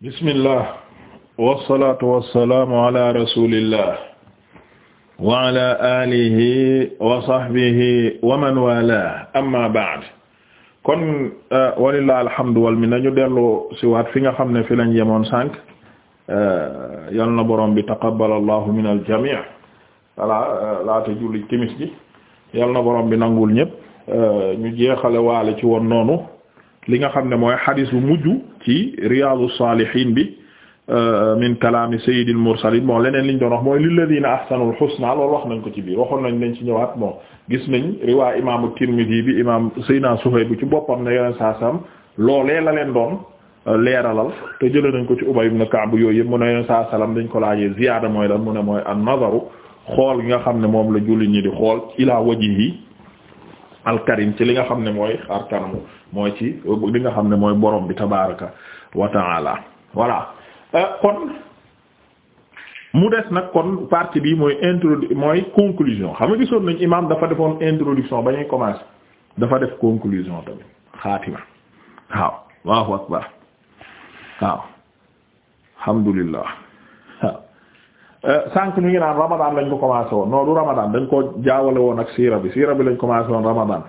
bismillah wasalaatu wasalaamu ala rasulillah wa ala alihi wa sahbihi wa man wala amma ba'd kon eh, walilah alhamdu wal minna ñu dellu si waat fi nga xam ne fi lañ yemoon sànq eh, yal na borom bi taqabbal allahu min al jami' voilà eh, laata julli timis ji yal na borom bi nangul ñëpp ñu jeexale waale ci woon noonu li nga xam ne mooy xadis bu mujj ci riyaadu saalihiin bi euh, min kalaami sayyidil mursaliin moo leneen liñ doon wax mooy li lilladiina ahsanul husnaa loolu wax nañ ko ci biir waxoon nañ nañ ci ñëwaat bon gis nañ riwaa imaamu Tirmidi bi imaam Seydina Suhayb bu ci boppam ne yeneen saa saam loolee la leen doon euh, leeralal te jëlee nañ ko ci Ubay ibn Ka'b yooyu yëpp mu ne yeneen dañ ko laajee ziyaada mooy lan mu ne mooy an-nazaru xool gi nga xam ne moom la julli ñi di xool ilaa wajhihi al ci li nga xam ne mooy xar kanamu mooy ci li nga xam ne mooy borom bi tabaraka wa taala voilà euh, kon mu des nag kon partie bi mooy introdu mooy conclusion xam nga gisoon nañ imam dafa defoon introduction ba ñuy commencer dafa def conclusion tamit xaatima waaw waaw akbar waaw alhamdulillah euh, sànq ñu ngi naan ramadan lañ ko commencé woon non du ramadan dañ ko jaawale woon ak siira bi siira bi lañ commencé woon ramadan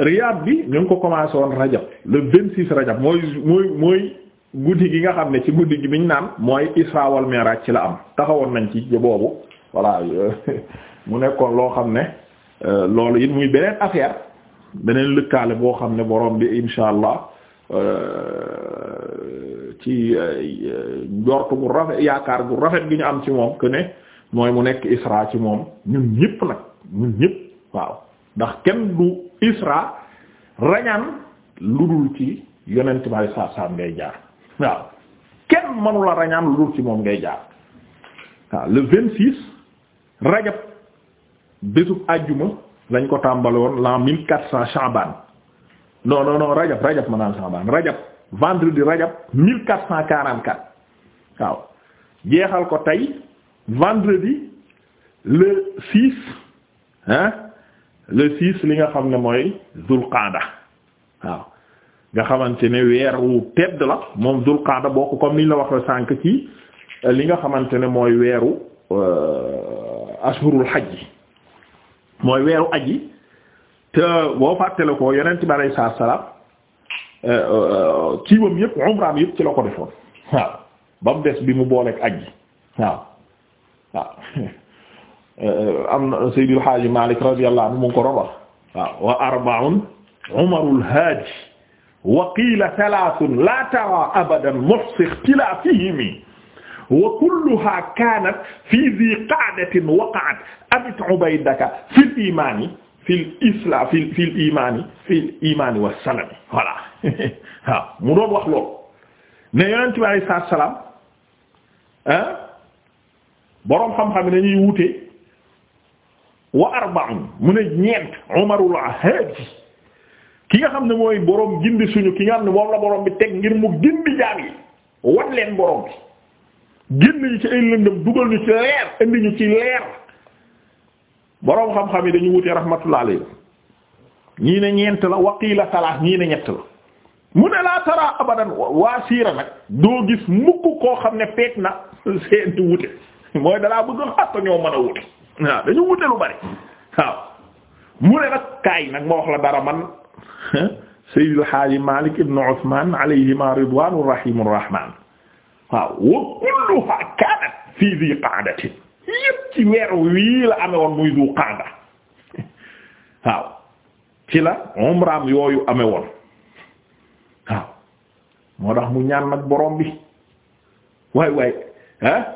Riyad bi ñu ngi ko commencé woon rajab le vingt six rajab mooy mooy mooy guddi gi nga xam ne ci guddi gi ñu naan mooy Isra wal Mi'raj ci la am taxawoon nañ ci boobu voilà mu nekkoon loo xam ne euh, loolu it muy beneen affaire beneen lëkkaale boo xam ne boroom bi insha allah euh, ci euh, njort bu rafet yaakaar bu rafet gi ñu am ci moom que mooy mu nekk Isra ci moom ñun ñëpp nag ñun ñëpp waaw ndax kenn du. isra rañaan lu dul ci yonent bi saa saam ngay jaar waaw kenn manula rañaan lu dul ci moom ngay jaar waaw le vingt six rajab bésub àjjuma lañ ko tàmbale woon l'an mille quatre cent Chaban non non non rajab rajab ma naan Chaban rajab vendredi rajab mille quatre cent quarante quatre waaw jeexal ko tey vendredi le six hein le six li nga xam ne mooy zulqaada waaw nga xamante ne weer tedd la moom zulqaada bokk comme niñ la wax sànk ci euh, li nga xamante ne mooy weeru euh, ashurul hajj mooy weeru aji te boo fàttale ko yonent bi alayhi salaatu salaam euh, kiiwam yëpp umraam yëpp ci la ko defoon waaw ba mu des bi mu booleeg aji waaw waaw Euh, am na Seydil Haaji Malik radiyallahu anhu mu ngi ko doon wax waaw wa arba'un umarul haaji wa qiila thalathun la tara abadan muhsi ikhtilafihim wa kulluha kanat fi dhi qa'datin waqa'at abit ubaydaka fil imani fil islam fil fil imani fil imani wa salam voilà waaw mu doon wax loolu ne yonent bi alayhi salaam ah boroom xam-xam ne dañuy wute wa arba'un mu ne ñeent umarul haaji ki nga xam ne mooy boroom gindi suñu ki nga xam ne moom la borom bi teg ngir mu gindi jaam yi wan leen borom bi génn ñu ci ay lëndëm dugal ñu ci leer indi ñu ci leer boroom xam-xam yi dañu wutee rahmatullah ñii ne ñeent la waqiila salaas ñii ne ñett la mu ne laa tara abadan waa siira nag doo gis mukk koo xam ne peeg na seenti wute mooy dalaa bëgg xatta ñoo mën a wute waaw dañu wute lu bari waaw mu ne nag kaay nag ma wax la dara man Seydil Haaji Malik ibn Usman alayhima ridwanu rahimu rahman waaw wa kulluha kanat fii di qa'datin yépp ci weer wii la ame woon muy du qa'da waaw ci la umraam yooyu ame woon waaw moo tax mu ñaan nag borom bi waay waay ah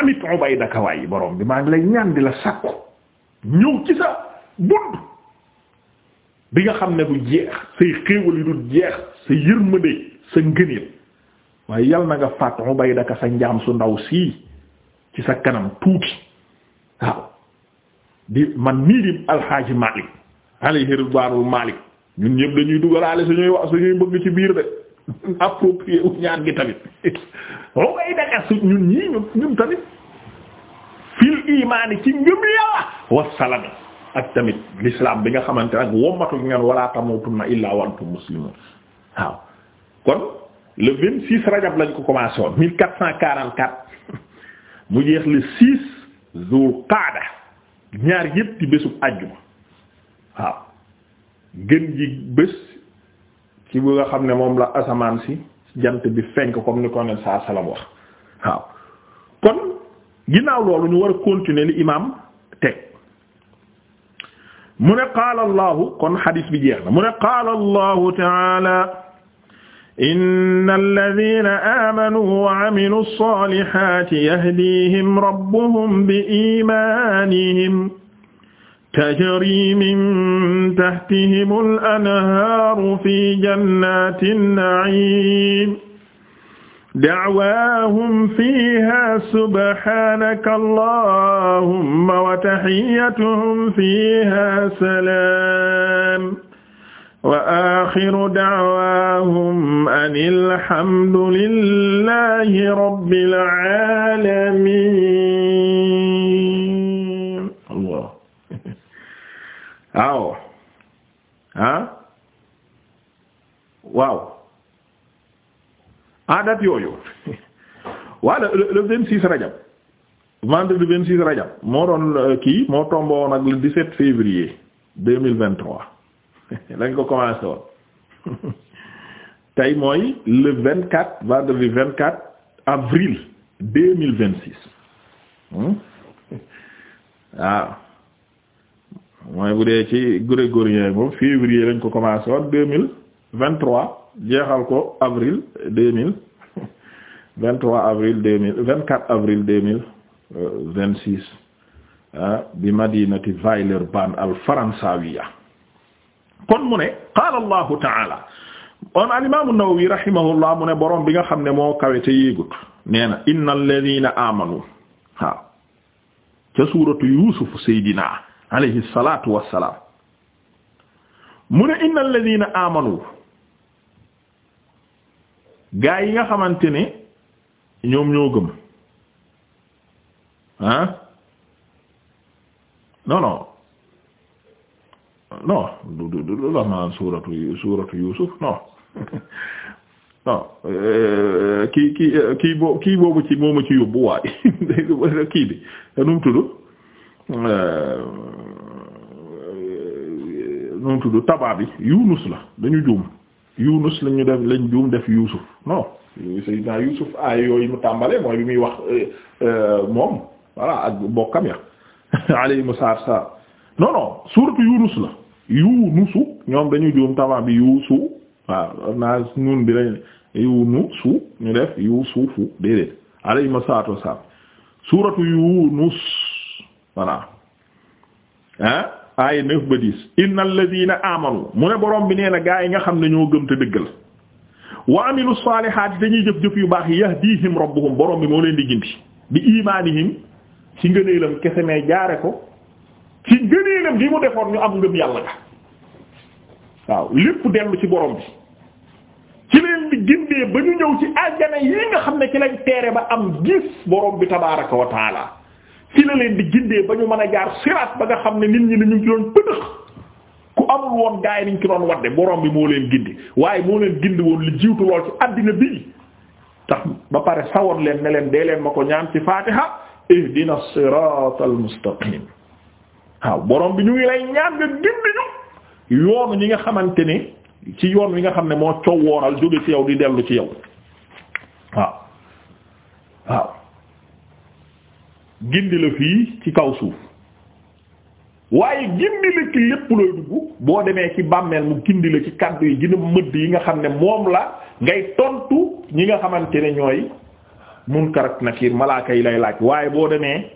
amit ubaydaka waay borom bi maa ngi lay ñaan di la sakku ñëw ci sa bunt bi nga xam ne du jeex say xéewal yi du jeex sa yërmande sa ngëneel waaye yal na nga faat ubaydaka sa su ndaw sii ci sa kanam tuuti waaw di man nii di alxaaji Malik alayhi ridwaanu Malik ñun ñëpp dañuy dugalaale suñuy wax suñuy bëgg ci biir de approprié wu ñaan gi tamit oo ngay daga su ñun ñii ñun tamit fil imaani ci ngëm yàlla wassalami ak tamit l'islam bi nga xamante nag wommatu ngeen wala tamutunna illaa wa antum muslimun waaw kon le vingt six rajab lañ ko commencé woon mille quatre cent quarante quatre mu jeex le six Zul Qaada ñaar yépp ci bésub àjjuma waaw gën ji bés ci bu nga xam ne moom la asamaan si jant bi fenk comme ni ko ne saa salam wax waaw kon ginnaaw loolu ñu war a continuer li imaam teg mu ne qaala allahu kon xadiis bi jeex na mu ne qaala allahu taala inna alladina aamanu wa amilu salihati yahdihim rabbuhum bi imanihim tajri min tahtihim al-anhaaru fi jannaati an-na'iim da'waahum fiihaa subhaanaka allaahumma wa tahiyyatuhum fiihaa salaam wa aakhiru da'waahum ani alhamdu lillaahi rabbil aalamiin aw ah waaw en yooyu waaw le le vingt six rajab vendredi vingt six rajab moo doon euh, kii moo tomboon ak le dix sept février deux mille vingt trois lañ ko commencé woon tey mooy le vingt quatre vendredi vingt quatre avril deux mille vingt six hmm? waaw. mooy bu dee ci grégorien moom février lañ ko commencé woon deux mille vingt trois jeexal ko avril deux mille vingt trois avril deux mille vingt quatre mille vingt six ah, bi madinati Villeurbanne al faransawiya kon mu ne qaala allahu taala on al imam an-Nawawi mu ne borom bi nga xam ne moo kawe te yéegut nee na innal amanu waaw ca suuratu Yuusuf Seydina salaat wa wassalaam mu ne inna alladhina amanu gaa yi nga xamante ne ñoom ñoo gëm ah non non non du du du la ma suuratu suuratu Yuusuf non non euh, kii kii kii boobu kii boobu ci moomu ci yóbbu waaye Euh, euh, nu mu tudd tabaa bi yunus la dañu juum yunus lañu def lañ juum def yusuf non sayyidina yusuf aay yooyu mu tàmbalee mooy bi muy wax euh, moom voilà ak bokkam ya alayhimu salaatu salaam non non yunus la yunusu ñoom dañu juum tabaa bi yuusu waaw naa nun bi lañ yunusu ñu def yusufu déedéet alayhimu salaatu salaam suratu yunus voilà ah aaya neuf ba dix inna alladina amanu mu ne borom bi nee na gaa yi nga xam ne ñoo gëm te dëggal wa amilu saalihaati ñuy jëf jëf yu baax yi yahdihim rabbuhum borom bi moo leen di gindi bi imaanihim ci ngëneelam kese mais jaare ko ci ngëneelam li mu defoon ñu am ngëm yàlla ga waaw lépp dellu ci borom bi ci leen di gindee ba ñu ñëw ci àjjana yi nga xam ne ci lañ teere ba am gis borom bi tabaaraka wa ci la leen di gindee ba ñu mën a jaar siraat ba nga xam ne nit ñi ñu ngi ci doon pëdëx ku amul woon gaay niñ ci doon wadde borom bi moo leen gindi waaye moo leen gindi woon li jiwtu lool ci àddina bii tax ba pare sawoon leen ne leen dee leen ma ko ñaan ci faatiha ihdina siraatal mustaqim waaw boroom bi ñu ngi lay ñaan nga gindi ñu yoonu ñi nga xamante ne ci yoon wi nga xam ne moo cowooral jóge ci yow di dellu ci yow waaw gindi la fii ci kaw suuf waaye gindi la ci lépp looy dugg boo demee ci bàmmeel mu gindi la ci kàddu yi gën a mëdd yi nga xam ne moom la ngay tontu ñi nga xamante ne ñooy munkar ak nakiir malaaka yi lay laaj waaye boo demee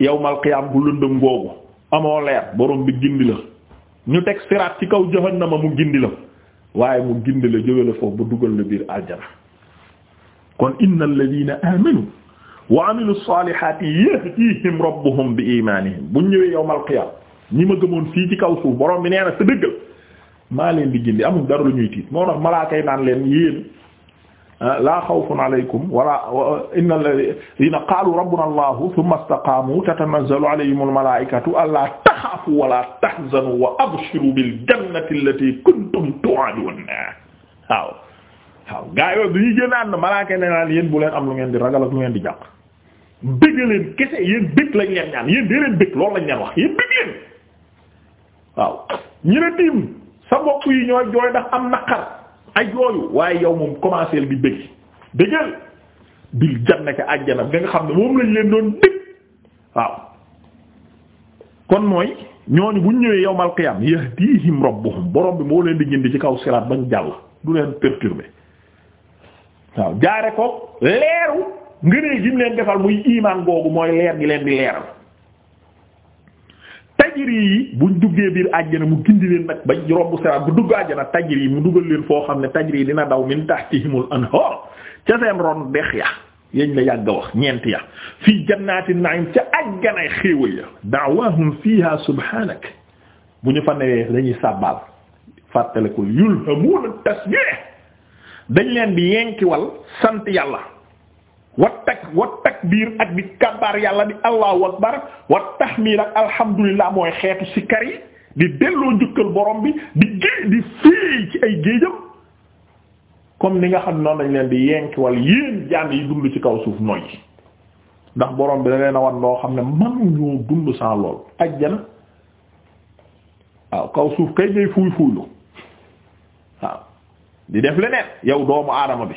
yow qiyaam bu lëndëm googu amoo leer borom bi gindi la ñu teg siraat ci kaw jahannama mu gindi la waaye mu gindi la jóge la foofu ba dugal na biir aljana kon innal ladina amanu wa amilu salihati yahdihim rabbuhum bi imanihim buñ ñëwee yowmal qiyam ñi ma gëmoon fii ci kaw suuf borom bi nee na sa dëggal maa leen di gindi amul dara lu ñuy tiit moo tax malaaka yi naan leen yéen ah, laa xawfun alaykum wala inna alladhina qaalu rabbuna allahu thumma istaqaamu tatanazzalu alayhim almalaikatu alla taxaafu wala tahzanu wa abshiru bil jannati allati kuntum tu'adun waaw waaw gaa yooyu bi ñu génn ànd malaaka yi ne naan yéen bu leen am lu ngeen di ragal ak lu ngeen di jàq bëgg leen kese yéen bëgg lañ leen ñaan yéen dee leen bëgg loolu lañ leen wax yéen bëgg yi ñooy jooy ndax am naqar ay yooyu waaye yow moom commencé di bëgg dëggal bil jannaka àjjana nga nga xam ne moom lañ leen doon dëgg waaw kon mooy ñooñu bu ñu ñëwee yawmal qiyaam yahdihim rabbuhum borom bi moo leen di gindi ci kaw siraat bañ jàll du leen perturber waaw jaare ko leeru ngëneel gi leen defal muy imaan googu mooy leer gi leen di leeral tajiri yi buñ duggee biir àjjana mu gindi leen nag ba romb seraat bu dugg àjjana tajiri mu dugal leen foo xam ne tajiri dina daw min tahtihimul anhar ca seen ron dex ya yañ la yàgg a wax ñeent ya fii jannaati na'im ca àjjana xéewal ya da'wahum fiha subhanak bu ñu fa newee dañuy sàbbaal fàttalikul yulhamuuna tasbih dañ leen di yenkiwal sant yàlla takk wa takbiir ak di kabaar yàlla di allahu akbar wa tahmiid ak alhamdulillah mooy xeetu sikkar yi di delloo njukkal boroom bi di géej di féey ci ay géejam comme ni nga xam noonu lañ leen di yenkiwal yéen jaan yi dund ci kaw suuf noy ndax borom bi da leen a wan loo xam ne mënuñoo dund sans lool ajjana waaw kaw suuf kay ngay fuuy fuuylu waaw di def leneen yow doomu aadama bi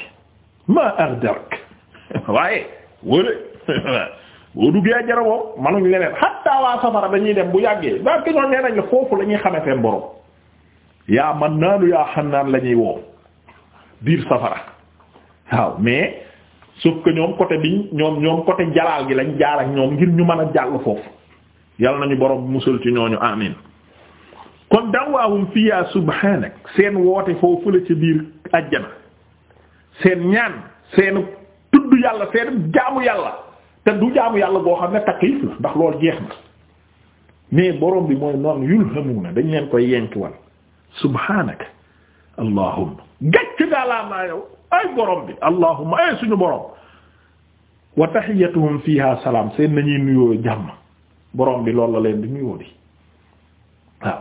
ma ardarak waaye wóole boo duggee jaraboo manuñ leneen hatta waa safara dañuy dem bu yàggee ba ki ñoo nee nañ la foofu la ñuy seen borom yaa man naanu yaa xannaan la ñuy woo biir safara waaw mais sauf que ñoom côté biñ ñoom ñoom côté jalaal gi lañ jaar ak ñoom ngir ñu mën a jàll foofu yàlla nañu borom musal ci ñooñu amin kon da'waahum fiyaa subhaanak seen woote foofu la ci biir àjjana seen ñaan seen tudd yàlla seen jaamu yàlla te du jaamu yàlla boo xam ne taklif la ndax loolu jeex na mais borom bi mooy noon yulhamuna dañ leen koy yenk wan subhaanaka allahumma gàcc gaalaamaa yow ay borom bi allahumma ay suñu borom wa tahiyyatuhum fiha salaam seen nañuy nuyoo jàmm borom bi loolu la leen di nuyoo di waaw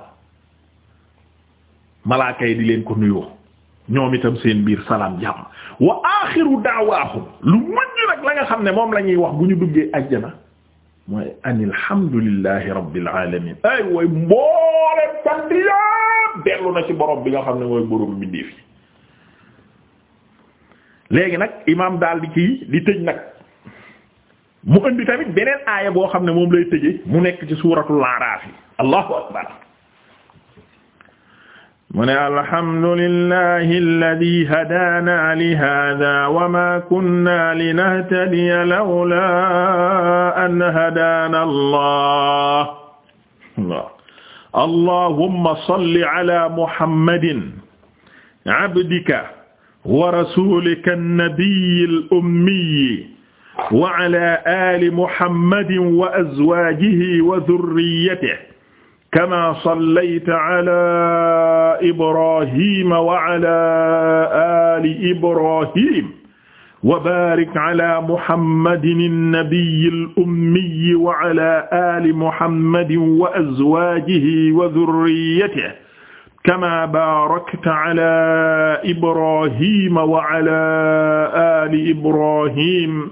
malaaka yi di leen ko nuyoo ñoom itam seen biir salaam jàmm wa aaxiru daawaahum lu mujj nag la nga xam ne moom la ñuy wax bu ñu duggee ajjana mooy anil hamdulillahi rabbil alamin ay way mboole sant yëpp dellu na ci borom bi nga xam ne mooy borom mbindeef yi léegi nag imaam daal di kii di tëj nag mu indi tamit beneen aaya boo xam ne moom lay tëjee mu nekk ci suuratul Araaf yi allahu akbar mu ne alhamdulillahi alladi hadaana li haadaa wa maa kunna linahtadiya lawlaa an hadaana allah allahumma salli ala muhammadin abdika wa rasulika annabiyil ummi wa ala ali muhammadin wa azwaajihi wa dhurriyyatihi kama sallayta ala ibrahima wa ala ali ibrahim wa barik ala muhammadin annabiyil ummi wa ala ali muhammadin wa azwajihi wa dhurriyyatihi kama barakta ala ibrahima wa ala ali ibrahim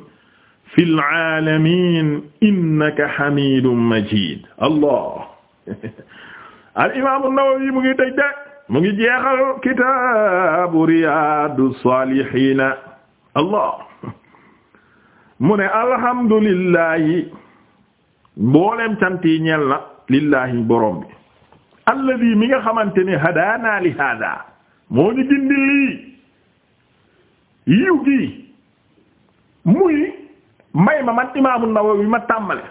fil aalamiin innaka hamiidun majiid allah al imaamu Nawawi mu ngi tëj de mu ngi jeexal kitaabu riyaadu saalihiina allah mu ne alhamdulillahi mboolem cant yi ñeel na lillahi borom bi alladi mi nga xamante ne hadaana li hada moo ñu gindi lii yiw gi muy may ma man imaamu Nawawi ma tàmbale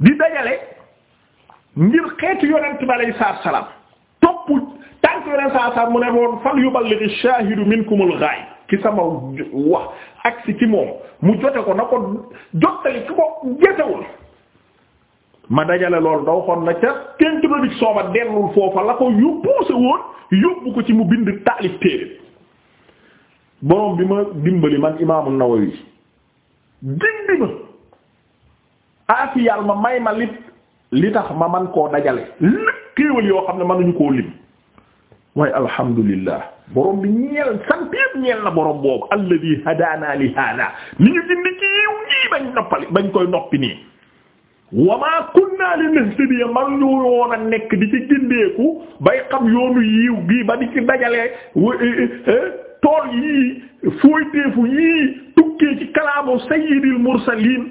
di dajale ngir xeetu yonent bi alayhi salaatu wa salaam topp tànk yonent saa salaam mu ne woon fal yuballigh ash-shaahidu minkumul ghaayib ki sama wax ak si ci moom mu jote ko na ko jottali ki ko gesewul ma dajale loolu da waxoon na ca introduction ba dellul foofa la ko yu poussé woon yóbbu ko ci mu bind taalif téere borom bi ma dimbali man imaamu Nawawi dindi ma aafiyal ma may ma lit li tax ma man koo dajale lépp xéewal yoo xam ne man mënuñu koo lim waaye alhamdulillah borom bi ñeel sant yëpp ñeel na borom boobu alladi hadaana li hada ni ñu gindi ci yiw ñii bañ noppali bañ koy noppi nii wa maa kunna linahtadiya nekk di ci gindeeku bay xam yoonu yiw gii ba di ci dajale e, e, e, tool yii fooyteefu yii tukkee ci kalaamu sayyidil mursaliin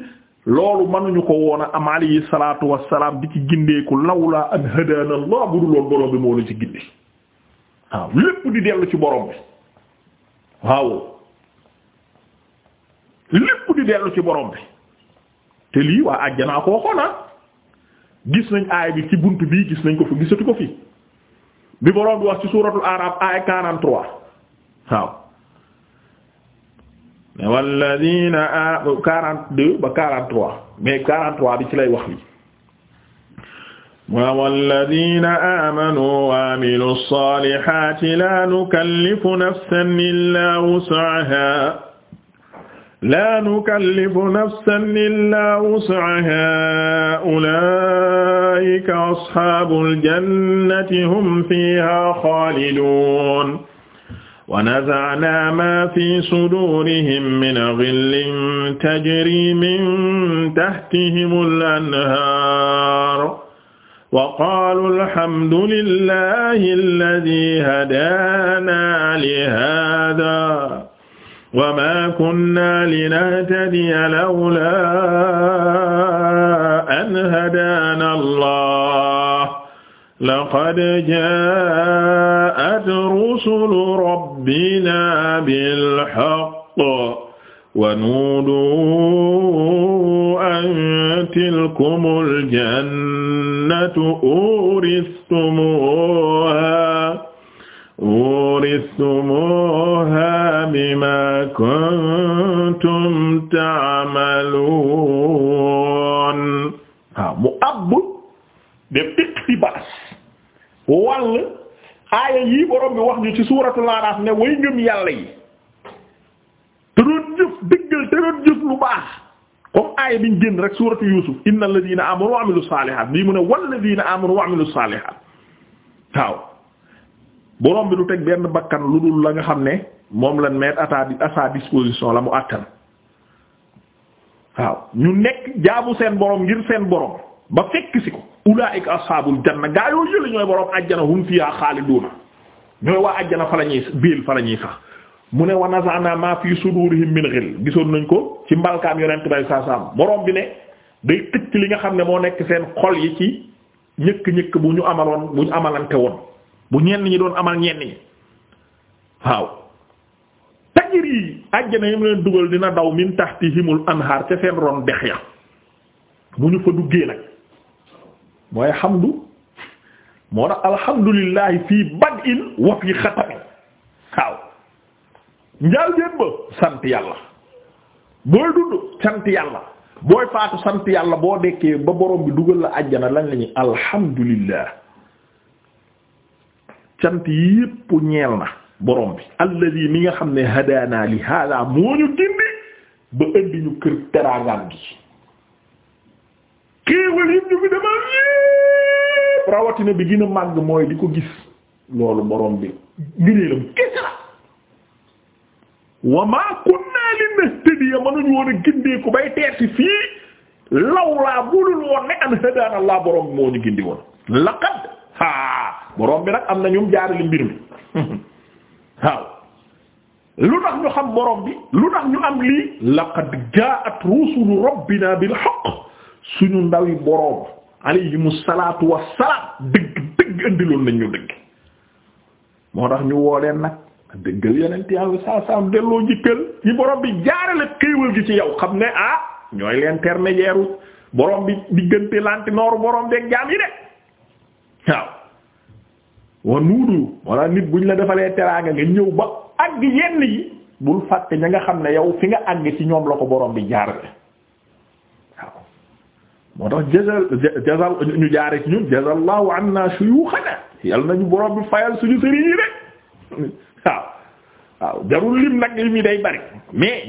loolu mënuñu ko woon a am alayhi salaatu wassalaam di ci gindeeku lawlaa an hadaana Allah bu dul woon bi moo ñu ci gindi waaw lépp di dellu ci borom bi waaw lépp di dellu ci borom bi te lii waa àjjanaa ko waxoon ah gis nañ aay bi ci bunt bii gis nañ ko fi gisatu ko fi bi borom bi wax ci suuratul Araaf aay 43 waaw. mais walladina 42 ba 43 mais 43 bi ci lay wax li wa walladina amanu wa amilu salihati la nukallifu nafsan illa wus'aha la nukallifu nafsan illa wus'aha ulaika ashabul jannati hum fiha khalidun wa naza'na ma fi sudurihim min ghillin tajri min tahtihimul anhar wa qaalu alhamdulillahi alladhi hadaana li haadaa wa maa kunnaa linahtadiya lawlaa an hadaana Allah laqad jaa'at rusulu rabbina bil haqq wa nuudu an tilkumul jannatu uristumuuha uristumuuha bimaa kuntum ta'maluun. mu abbu de iqtibaas wàll aaya yii borom bi wax ñu ci suuratul Araaf ne way ngëm yàlla yi te doon jëf dëggal te doon jëf lu baax comme aaya biñ génn rek suuratu Yuusuf innal ladiina aamanu wa amilu saalihaat bii mu ne wal ladiina aamanu wa amilu saalihaat waaw borom bi du teg benn bakkan lu dul la nga xam ne moom lañ mettre à sa disposition la mu àttan waaw ñu nekk jaamu seen borom ngir seen borom ba fekk ci ko ulaa'ika ashaabul janna gaa yoo yële ñooy borom ajjana hum fiihaa xaaliduuna ñooy waa ajjana fa la ñuy biil fa la ñuy sax mu ne wa naza'naa maa fii suduurihim min ghil gisoon nañ ko ci mbalkaam yonent bay saa saam borom bi ne day tëj li nga xam ne moo nekk seen xol yi ci ñëkk-ñëkk bu ñu amaloon bu ñu amalante woon bu ñenn ñi doon amal ñenn ñi waaw tajri ajjana yi mu leen dugal dina daw min tahtihimul anhaar ca seen ron dex ya bu ñu fa duggee mooy xamdu moo tax alhamdulillahi fii bad in wa fii xatami waaw njaal jéen sant yàlla booy dund sant yàlla booy faatu sant yàlla boo dekkee ba borom bi dugal la àjjana lan la ñuy alhamdulillah cant yépp ñeel na borom bi alladi mi nga xam ne hadaana li hada moo ñu gindi ba indi ñu kër teraangaam gi xéewal yëpp ñu fi demal yëpp rawatina bi gën a màgg mooy di ko gis loolu borom bi ngëneelam kese la wa maa kunnaa linahtadiya mënuñu woon a gindeeku bay teerti fii lawlaa bulul woon ne an hadaana Allah borom bi moo ñu gindi woon haa borom bi nag am na ñum jaarali mbir mi waaw lu tax ñu xam borom bi lu tax ñu am lii laqad jaa'at rusulu rabbina bil haqq suñu ndawi boroom alayhimu salaatu wassalaam dëgg dëgg indiloon nañ ñu dëgg moo tax ñu woo leen nag dëggal yonent yàlla saa saa am delloo njikkal yi borom bi jaarale xéewal gi ci yow xam ne ah ñooy l'intermédiaire borom bi diggante lanti nooru borom beeg jaam yi de waaw. wa nuudu walla nit buñ la defalee teraanga nga ñëw ba àgg yenn yi bul fàtte ña nga xam ne yow fi nga àgg ci ñoom la ko borom bi jaarale moo tax jazal jazal ñu jaaree ci ñun jazallahu anna shuyukhana yal nañu borom bi fayal suñu sëriñ yi rek waaw waaw jarul lim nag lim yi day bari mais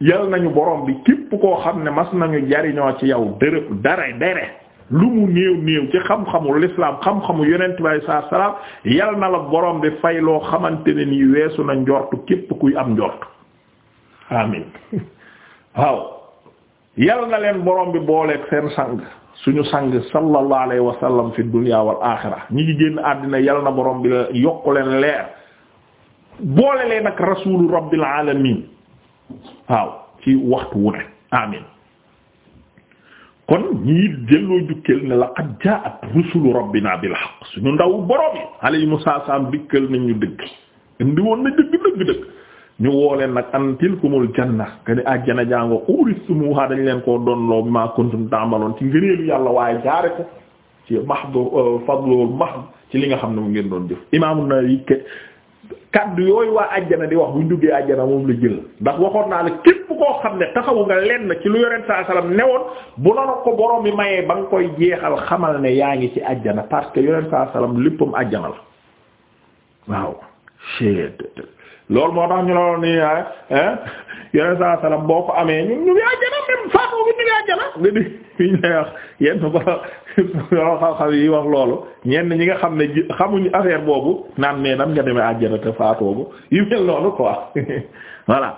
yal nañu borom bi képp koo xam ne mas nañu jariñoo ci yow dërë dara dere lu mu néew néew ci xam-xamu l'islam xam-xamu yonent bi saa salaam yal na la borom bi fay loo xamante ne nii weesu na njortu képp kuy am njort amin waaw. yal na leen borom bi booleeg seen sang suñu sang sallallahu alayhi wa sallam fi dunya wal ñi ngi génn àddina yal na borom bi la yokk leen leer boole leen ak rasuulu rabbil alamin waaw ci waxtu wu ne amin kon ñii delloo jukkeel ne laqad jaa'at rusulu rabbina bil haqq suñu ndaw borom yi alayhimu salaam dikkal nañ ñu dëgg indi woon na dëgg dëgg dëgg ñu woo leen nag an tilkumul janna kene àjjana jàngoo uristumuha dañ leen ko doon loo bi maa kuntum taamaloon ci ngëneelu yàlla waaye jaare ko ci mahdu fadlul mahd ci li nga xam ne mu ngeen doon jëf imaamu Nawawi kaddu yooyu waa àjjana di wax buñ duggee àjjana moom la jël ndax waxoon naa la képp koo xam ne taxawu nga lenn ci lu yoreen saa salaam newoon bu la ko borom bi mayee ba nga koy jeexal xamal ne yaa ngi ci àjjana parce que yoreen saa salaam léppam àjjana loolu moo tax ñu la woon ni ah yeneen saa salaam boo ko amee ñun ñu ngi àjjana même faatu bi ñu ngi àjjana nga di ñu lay wax yenn borom xam yi loolu ñenn ñi nga xam ne xamuñu affaire boobu naan mais nan nga demee àjjana te faatoo yu mel noonu quoi voilà.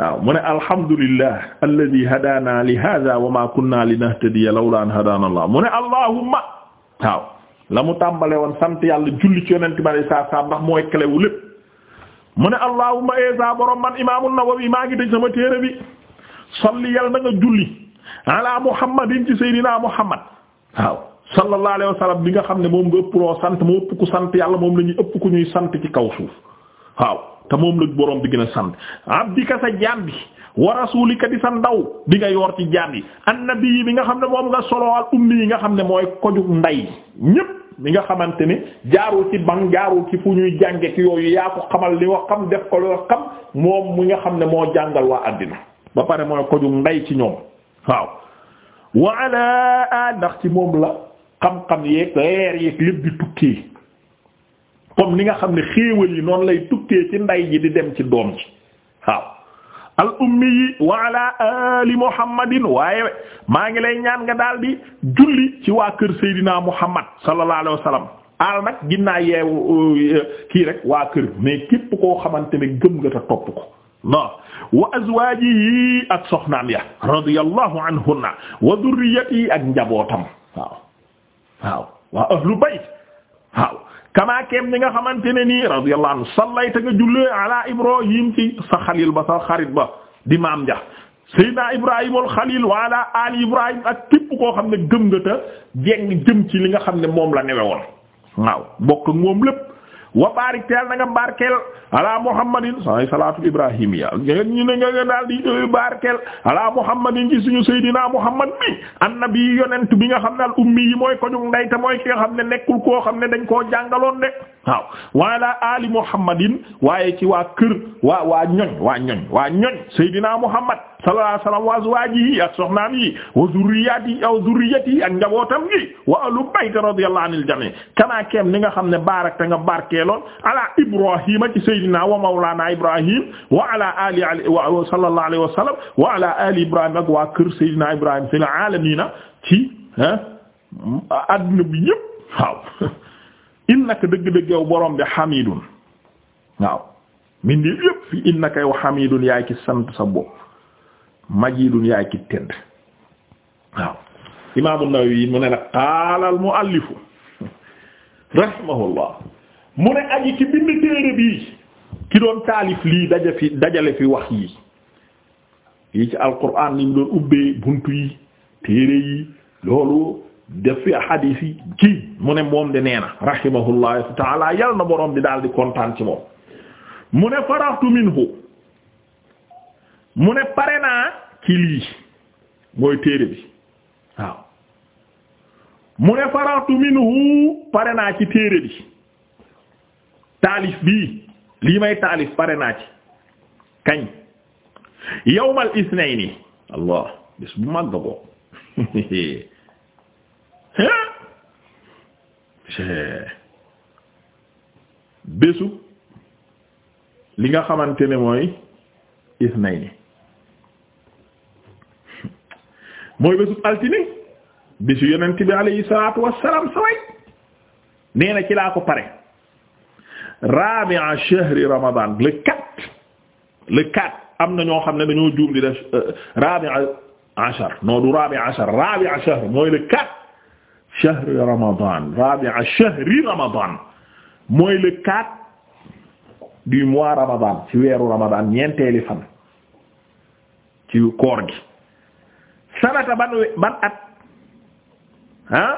waaw mu ne alhamdulillah alladhi hadaana li hadha allah mu ne allahumma waaw la mu tàmbale woon sant yàlla julli ci yonent bi sallallahu alayhi ndax mooy clé lépp. mu ne allahumma esa borom man imaamu Nawawi maa ngi tëj sama téere bi salli yal na nga julli ala muhammadin ci seydinaa muhammad waaw sallallahu alayhi wa sallam bi nga xam ne moom nga ëpp loo sant moo ku sant yàlla moom la ñuy ëpp ku ñuy sant ci kaw waaw te moom la borom bi gën a sant abdika sa jaam bi wa rasulika di sa ndaw bi nga yor ci jaam yi annabi bi nga xam ne moom nga solo al yi nga xam ne mooy koju nday ñépp mi nga xamante ni jaarul ci banque jaarul ci fu ñuy jànge ci yooyu yaa ko xamal li wax xam def ko loo xam moom mu nga xam ne moo jàngal waa àddina ba pare mooy koju ndey ci ñoom waaw waala ndax ci moom la xam-xam yeeg leer yeeg lépp di tukkee comme ni nga xam ne xéewal yi noonu lay tukkee ci ndey ji di dem ci doom ji waaw al ummi wa ala ali muhammadin waaye maa ngi lay ñaan nga daal di julli ci waa kër Seydina Muhammad sallallahu alayhi wa sallam aal nag ginnaa yeewu euh, kii rek waa kër mais képp koo xamante ne gëm nga ta topp ko non wa azwaajihi ak soxnaam ya radiyallahu anhunna wa durriyatihi ak njabootam waaw waaw waa ahlu bayt waaw kamaa keem ni nga xamante ne nii radiyallahu anhu sallayta nga jullee ala ibrahim ci sa xalil ba sa xarit ba di maam ja sayyidina ibrahima al xalil wa ala ali ibrahim ak képp koo xam ne gëm nga ta jeng jëm ci li nga xam ne moom la newe woon waaw bokk moom lépp wa barik teel na nga barkeel ala muhammadin say salatu ibrahimiya nga ñu ne nga nga daal di barkeel ala muhammadin ci suñu seydina muhammad mi annabi yonent bi nga xam ne ummi yi mooy ko ñu mooy ki nga xam ne nekkul koo xam ne dañ koo jàngaloon de waaw waala ali muhammadin waaye ci waa kër waa waa ñoñ waa ñoñ waa ñoñ seydina muhammad sallallahu alayhi wasallam wa azwaajihi ak soxnaam yi wa zurriyaati aw zurriyati ak njabootam gi wa alu bayt radiyallahu anil jami kana kem ni nga xam ne baarak te nga barkeeloon ala ibrahima ci seydina wa mawlana ibrahim wa ala ali wa sallallahu alayhi wasallam wa ala ali ibrahim ak waa kër seydina ibrahim fil alamina ci ah adduna bi yépp waaw innaka dëgg-dëgg yow borom bi xamidun waaw mindi yépp fi innaka yow xamidun yaay ki sant sa bopp majidun yaay ki tedd waaw imaamu Nawawi mu ne nag qaala al muallifu rahimahullah mu ne aji ci bind téere bii ki doon taalif lii dajale fi wax yi yi ci alquran ni mu doon ubbee buntu yi téere yi loolu def fi hadis yi kii mu ne moom de nee na rahimahullahu taala yal na borom bi daal di kontaan ci moom mu ne farahtu minhu mu ne pare naa ci lii mooy téere bi mu ne farahtu minhu pare naa ci téere bi taalif bii lii may taalif pare naa ci kañ yawmal isnayni allah bis bu mag a bésu li nga xamante ne mooy isnayni mooy bésu altine bésu yonent bi alayhi salaatu wassalaam saway nee na ci laa ko pare am na ñoo xam ne dañoo juum di def euh, rabi'a ashar non du rabi'a ashar rabi'a shahr mooy le quatre shahri ramadan rabi'a shahri ramadan mooy le du mois ramadan ci weeru ramadan ñeenteeli fan ci koor gi sanata ban ban at ah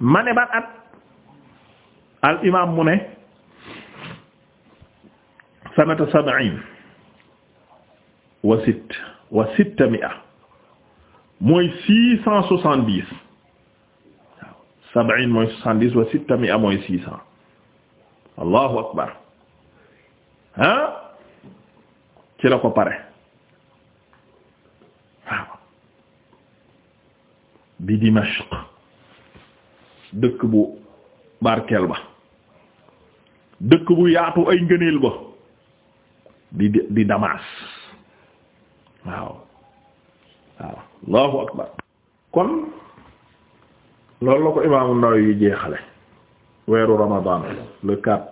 ma ban at al imam mu ne sanata sab'in wa sitt mi'a mooy six cent soixante dix waaw sab'in mooy soixante dix wa sitta mi'a mooy six cent allahu akbar ah ci la ko pare waaw bi Dimashq dëkk bu barkel ba dëkk bu yaatu ay ngëneel ba di di Damas waaw waaw allahu akbar kon loolu la ko imaamu Nawawi jeexale weeru ramadan le quatre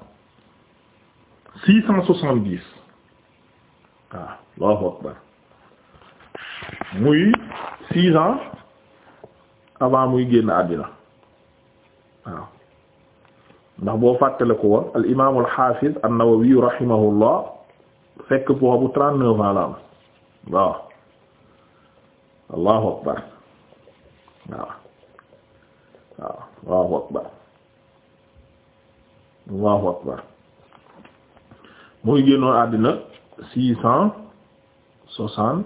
six cent soixante dix waaw allahu akbar muy six ans avant muy génn àddina waaw ndax boo fàttale ko woon al imaam al xaafiz an-Nawawi rahimahullah fekk boobu trente neuf ans la am waaw allahu akbar waaw waaw allahu akbar allahu akbar mu ngi génnoon àddina six cent soixante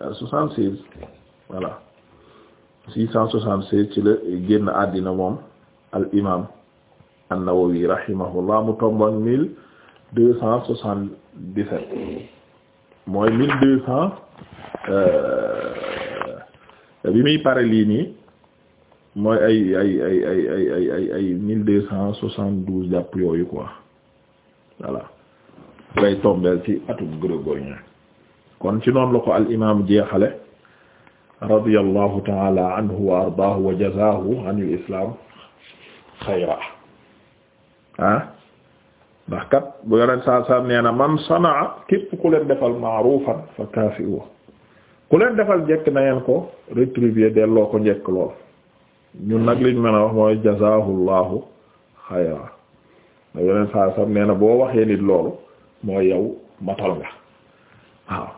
euh, soixante seize voilà six cent soixante seize ci la génn àddina moom al imam an-Nawawi rahimahullah mu tomboon mille deux cent soixante-dix-sept mooy mille deux cent Euh, bi muy pare lii nii mooy ay ay ay ay ay ay ay mille deux cent soixante douze jàpp yooyu quoi voilà lay tombeel ci atum grégorien kon ci noonu la ko al imam jeexale radiyallahu taala anhu wa ardaahu wa jazaahu anil islam xayra ah? ndax kat bu yoneen saa saa nee man sanaa képp ku leen defal ma'rufan fa kaafi'u ku leen defal njëkk na ngeen ko rétribuer delloo ko njekk lool ñun nag liñ mën a wax mooy jazaahullahu xayra na yeneen saa sam nee na boo waxee nit loolu mooy yow matal nga waaw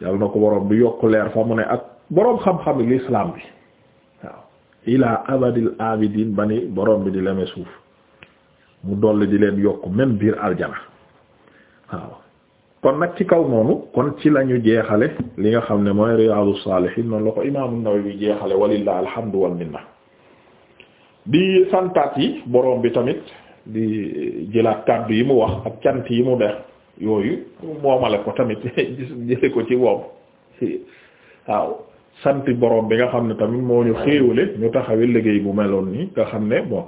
yàlla na ko boroom bi yokk leer fa mu ne ak boroom xam-xam yi l'islam bi waaw ilaa abadil abidin ba ni boroom bi di leme suuf mu dolli di leen yokk même biir aljana waaw kon nag ci kaw noonu kon ci la ñu jeexale li nga xam ne mooy Riyadus Salihin noonu la ko imaamu Nawawi jeexale walillahi alhamdu wal minna di santaat yi boroom bi tamit di jëlaat kàddu yi mu wax ak cant yi mu def yooyu moomale ko tamit jële ko ci woom waaw santi borom bi nga xam ne tamit moo ñu xéewale ñu taxawee liggéey bu meloon nii nga xam ne bon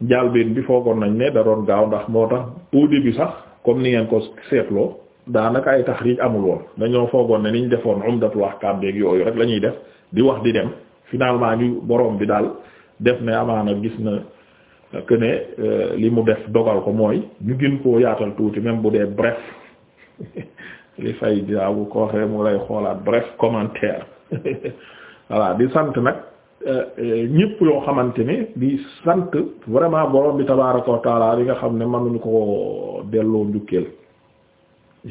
njàlbeen bi foogoon nañ ne da doon gaaw ndax moo tax au début sax comme li ngeen ko seetloo daanaka ay taxriij amul woon dañoo foogoon ne niñ defoon umdatul ahkaam beeg yooyu rek lañuy def di wax di dem finalement ñu boroom bi daal def ne amaana gis na que ne euh, li mu def dogal ko mooy ñu gën koo yaatal tuuti même bu dee bref li fay jaabu ko waxee mu lay xoolaat bref commentaire voilà di sant nag euh, ñëpp yoo xamante ni di sant vraiment borom bi tabaaraka wa taala nga xam ne mënuñu ko delloo njukkeel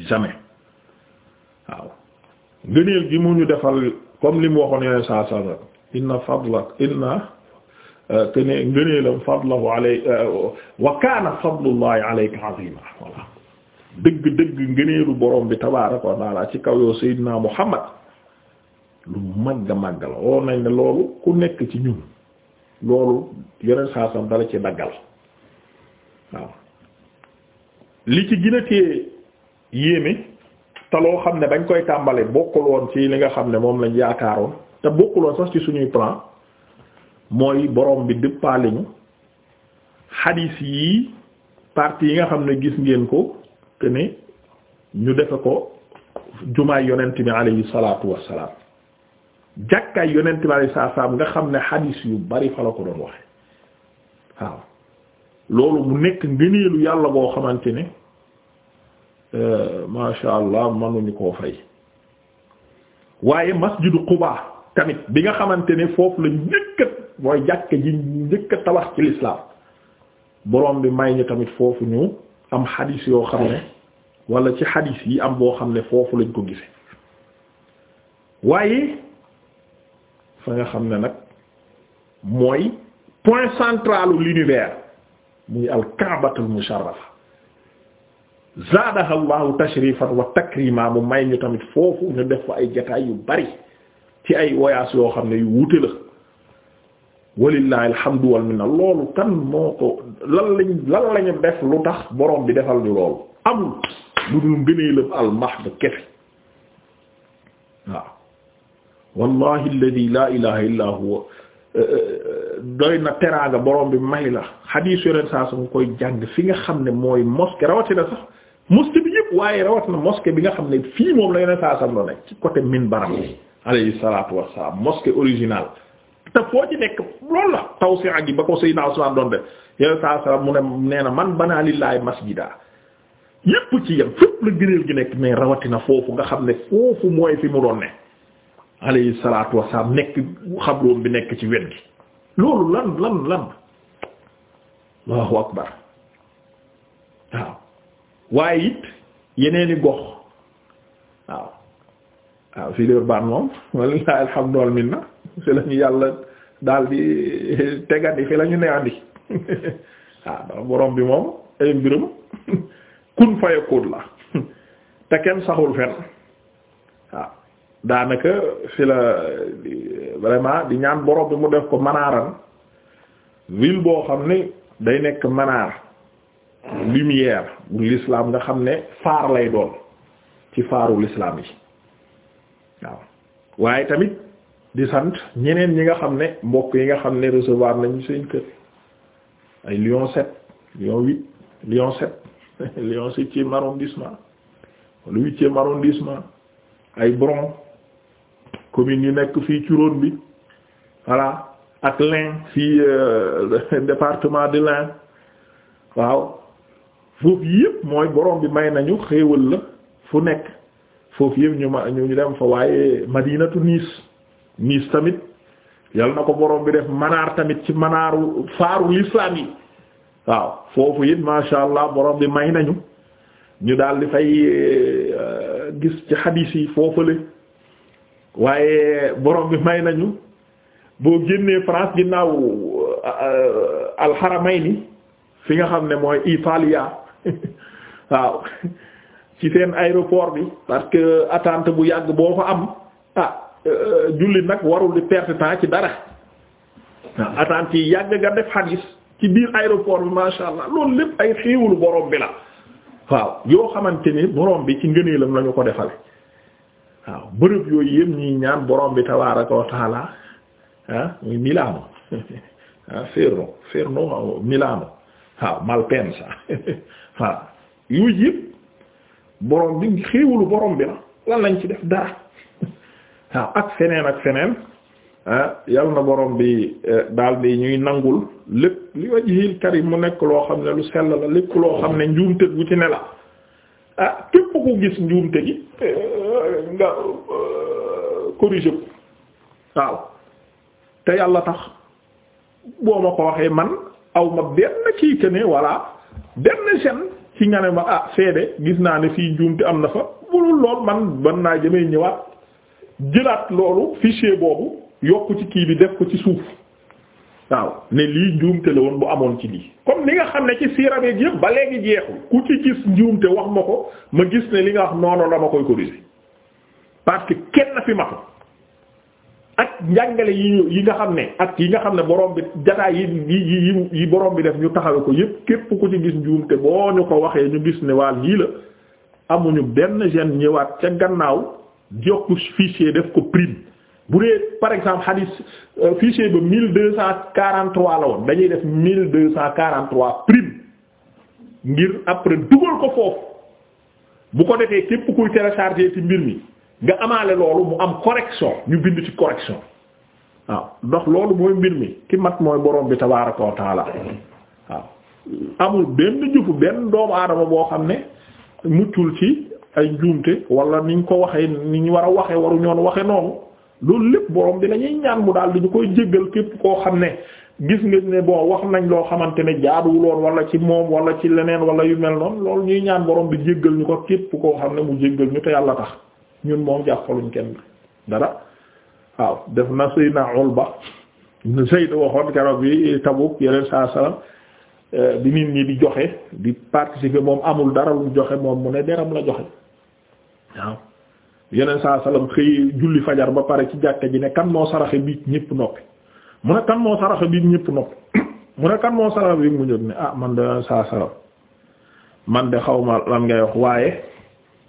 jamais waaw ngëneel gi mu ñu defal comme li mu waxoon yeneen saa saa la inna fadlak inna te euh, ne ngëneelam fadlahu alay euh, wa kaana fadlullahi alayka azima voilà dëgg dëgg ngëneelu borom bi tabaaraka wa taala ci kaw yow Seydina Muhammad lu màgg màgg la woo nañ ne loolu ku nekk ci ñun loolu yeneen saa saa dala ci daggal waaw li ci gën yéeme te loo xam ne bañ koy tàmbale bokkul woon ci li nga xam ne moom lañ yaakaaroon te bokkul woon sax ci suñuy plan mooy borom bi dëppaale ñu xadiis yi partie yi nga xam ne gis ngeen ko que ne ñu defe ko jumaay yonent bi alayhi salaatu wassalaam jàkkaay yonent bi alayhi salaatu wassalaam nga xam ne xadiis yu bari fa la ko doon waxe waaw loolu mu nekk ngëneelu yàlla boo xamante ne Euh, masha allah manuñu koo fay waaye masjidu Quba tamit bi nga xamante ne foofu la njëkkat mooy jàkka ji njëkka tabax ci lislaam borom bi may ñu tamit foofu ñu am xadiis yoo xam ne wala ci xadiis yi am boo xam ne foofu lañ ko gise waaye fa nga xam ne nag mooy point central l'univers muy al kaabatul musharrafa zaadaha allahu tashrifan wa takrima mu may ñu tamit foofu ñu def fa ay jataay yu bari ci ay voyages yoo xam ne yu wuute la walillahi alhamdu wal minna loolu kan moo ko lan lañ lan lañu def lu tax borom bi defal ñu loolu am lu dul ngëneelam al mahd kefe waaw wallahi alladhi la huwa eh, eh, doy na teraanga boroom bi may la xadiis yoneen saa su nga koy jàng fi nga xam ne mooy mosquée rawatina sax mosquée bi yëpp waaye rawatina mosquée bi nga xam ne fii moom la yeneen saa sam la nekk ci côté minbaram alayhi salaatu wassalaam mosquée originale te foo ci nekk loolu la tawsi ak yi ba ko Seydina Usmaan doon def yeneen mu ne nee na man banaa lillaahi masjida yépp ci yam fépp nekk mais rawatina foofu nga xam ne foofu mooy fi bi nekk ci wet gi loolu lan lan lan Allahu akbar waaw waaye it yeneeni gox waaw waaw Villeurbanne moom wallaahi alhamdu wal minna fi lañu yàlla daal di tegandi fi lañu newandi waaw ah, borom bi moom ay mbirum kun fayakun la te kenn saxul fen waaw ah, daanaka fi la vraiment di ñaan borom bi mu def ko manaaran ville boo xam ne day nekk manaar lumière bu l'islam nga xam ne faar lay doon ci faaru l'islam yi waaw waaye tamit di sant ñeneen ñi nga xam ne mbokk yi nga xam ne recevoir nañu seen kër ay Lyon 7 Lyon 8 Lyon 7 Lyon 7e arrondissement wala 8e arrondissement ay Bron commune yu nekk fii ci Rhône bi voilà ak l'Ain fii euh, département de l'Ain waaw foofu yëpp mooy boroom bi may nañu xéewal la fu nekk foofu yëpp ñu ma ñu dem fa waaye madinatu niis niis tamit yal na ko borom bi def manaar tamit ci manaaru faaru l'islam yi waaw foofu it masha allah borom bi may nañu ñu daal di fay euh, gis ci xadiis yi foofale waaye borom bi may nañu boo génnee France ginnaaw euh, euh, alxaramayni fi nga xam ne mooy Italia waaw ci seen aéroport bi parce que attente bu yàgg boo fa am ah euh, euh, jullit nag warul di perte temps ci dara waaw attente yi yàgg nga def xadis ci biir aéroport bi masha Allah loolu lépp ay xéewalu borom bi la waaw yoo xamante ni borom bi ci ngëneelam lañu ko defale waaw bërëb yooyu yëpp ñuy ñaan borom bi tabaaraka wa taala ah muy Milano Ferno ah, Ferno Milano waaw Malpensa waaw yooyu yëpp borom bi xéewalu borom bi la lan lañ ci def dara waaw ak feneen ak feneen ah, yal na borom bi eh, daal bi ñuy nangul lépp li wajhil karim mu nekk loo xam ne lu sell la lépp loo xam ne njuumte gu ci ne la ah képp ku gis njuumte gi eh, nga eh, corriger ko waaw te yàlla tax boo ma ko waxee man aw benn kii que ne voilà. dem na seen ci nga ne ma ah seede gis naa ne fii njuumte am na fa bulul lool man man naa jëmee ñëwaat jëlaat loolu fichier boobu yokk ci kii bi def ko ci suuf waaw ne lii njuumte la woon bu amoon ci lii comme li nga xam ne ci siira beeg yëpp ba léegi jeexul ku ci gis njuumte wax ma ko ma gis ne li nga wax noonu la ma koy corriger parce que kenn fi ma ko ak njàngale yi yi nga xam ne ak yi nga xam ne borom bi jataay yi yi yi yi borom bi def ñu taxawe ko yépp képp ku ci gis njuumte boo ñu ko waxee ñu gis ne waal lii la amuñu benn gene ñëwaat ca gannaaw jokk fichier def ko prime bu dee par exemple hadis euh, fichier ba mille deux cent quarante trois la woon dañuy def mille deux cent quarante trois prime ngir après dugal ko foofu bu ko defee képp kuy télécharger ci mbir mi nga amaale loolu mu am correction ñu bind ci correction waaw ndax loolu mooy mbir mi ki mat mooy boroom bi tabaaraka wa taala waaw amul benn jufu benn doomu aadama boo xam ne muccul ci ay njuumte wala ñu ko waxee ni ñu war a waxee waru ñoon waxe noonu loolu lépp borom bi lañuy ñaan mu daal di ñu koy jéggal képp koo xam ne gis nga ne bon wax nañ loo xamante ne jaaduwuloon wala ci moom wala ci leneen wala yu mel noonu loolu ñuy ñaan borom bi jéggal ñu ko képp koo xam ne mu jéggal ñu te yàlla tax ñun moom jàppaluñ kenn dara waaw def na suy na Ulba nu Zayd waxoon keroog bi Tabuk yeneen saa salaam bi nit ñi di joxe di participer moom amul dara lu joxe moom mu ne deram la joxe waaw yeneen saa salaam xëy julli fajar ba pare ci jàkka ji ne kan moo saraxe biit ñépp noppi mu ne kan moo saraxe biit ñépp noppi mu ne kan moo saraxe biit mu jot ne ah man de saa salaam man de xaw lan ngay wax waaye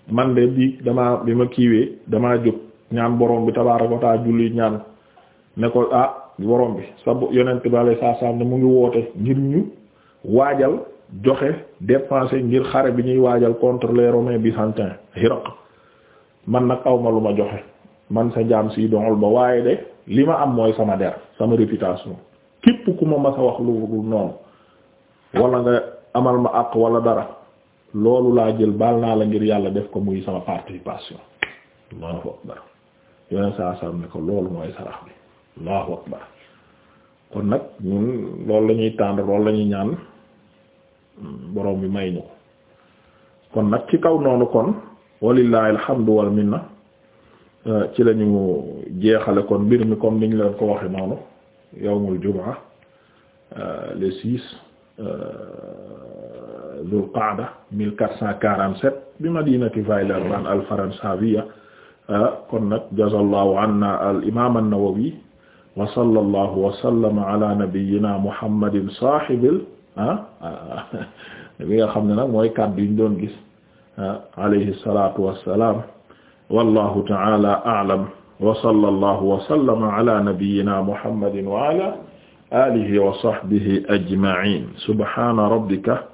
man de bi damaa bi ma kiiwee damaa jóg ñaan borom bi tabaaraka wa taala julli ñaan ne ko ah borom bi sa yonent bi alayhi salaam ne mu ngi woote ngir ñu waajal joxe dépenser ngir xare bi ñuy waajal contre les romains byzantins Hiraq man nag awma lu ma joxe man sa jaam si doxal ba waaye de li ma am mooy sama der sama réputation képp ku ma mas a wax lu noonu wala nga amal ma àq wala dara loolu laa jël baal naa la ngir yàlla def ko muy sama participation allahu akbar yoneen saa saam ne ko loolu mooy sarax bi allahu akbar kon nag ñun loolu la ñuy tànd loolu lañuy ñaan hmm, borom bi may ñu ko kon nag ci kaw noonu kon walillahi alhamdu wal euh, ci la ñu jeexale kon mbir mi comme niñ leen ko waxe noonu yawmul jumaa euh, le six euh, Zul Qaada 1447 bi madinati Villeurbanne al-Faransawiya kon nag jazallahu anna al imaam an-Nawawi wa sallallahu wa sallama ala nabiyyina Muhammadin saahibil ah li nga xam ne nag mooy kàddu yi ñu doon gis ah, alayhi salaatu wa salaam wallaahu ta'aala a'lam wa sallallahu wa sallama ala nabiyyina Muhammadin wa ala alihi wa sahbihi ajma'in subhaana rabbika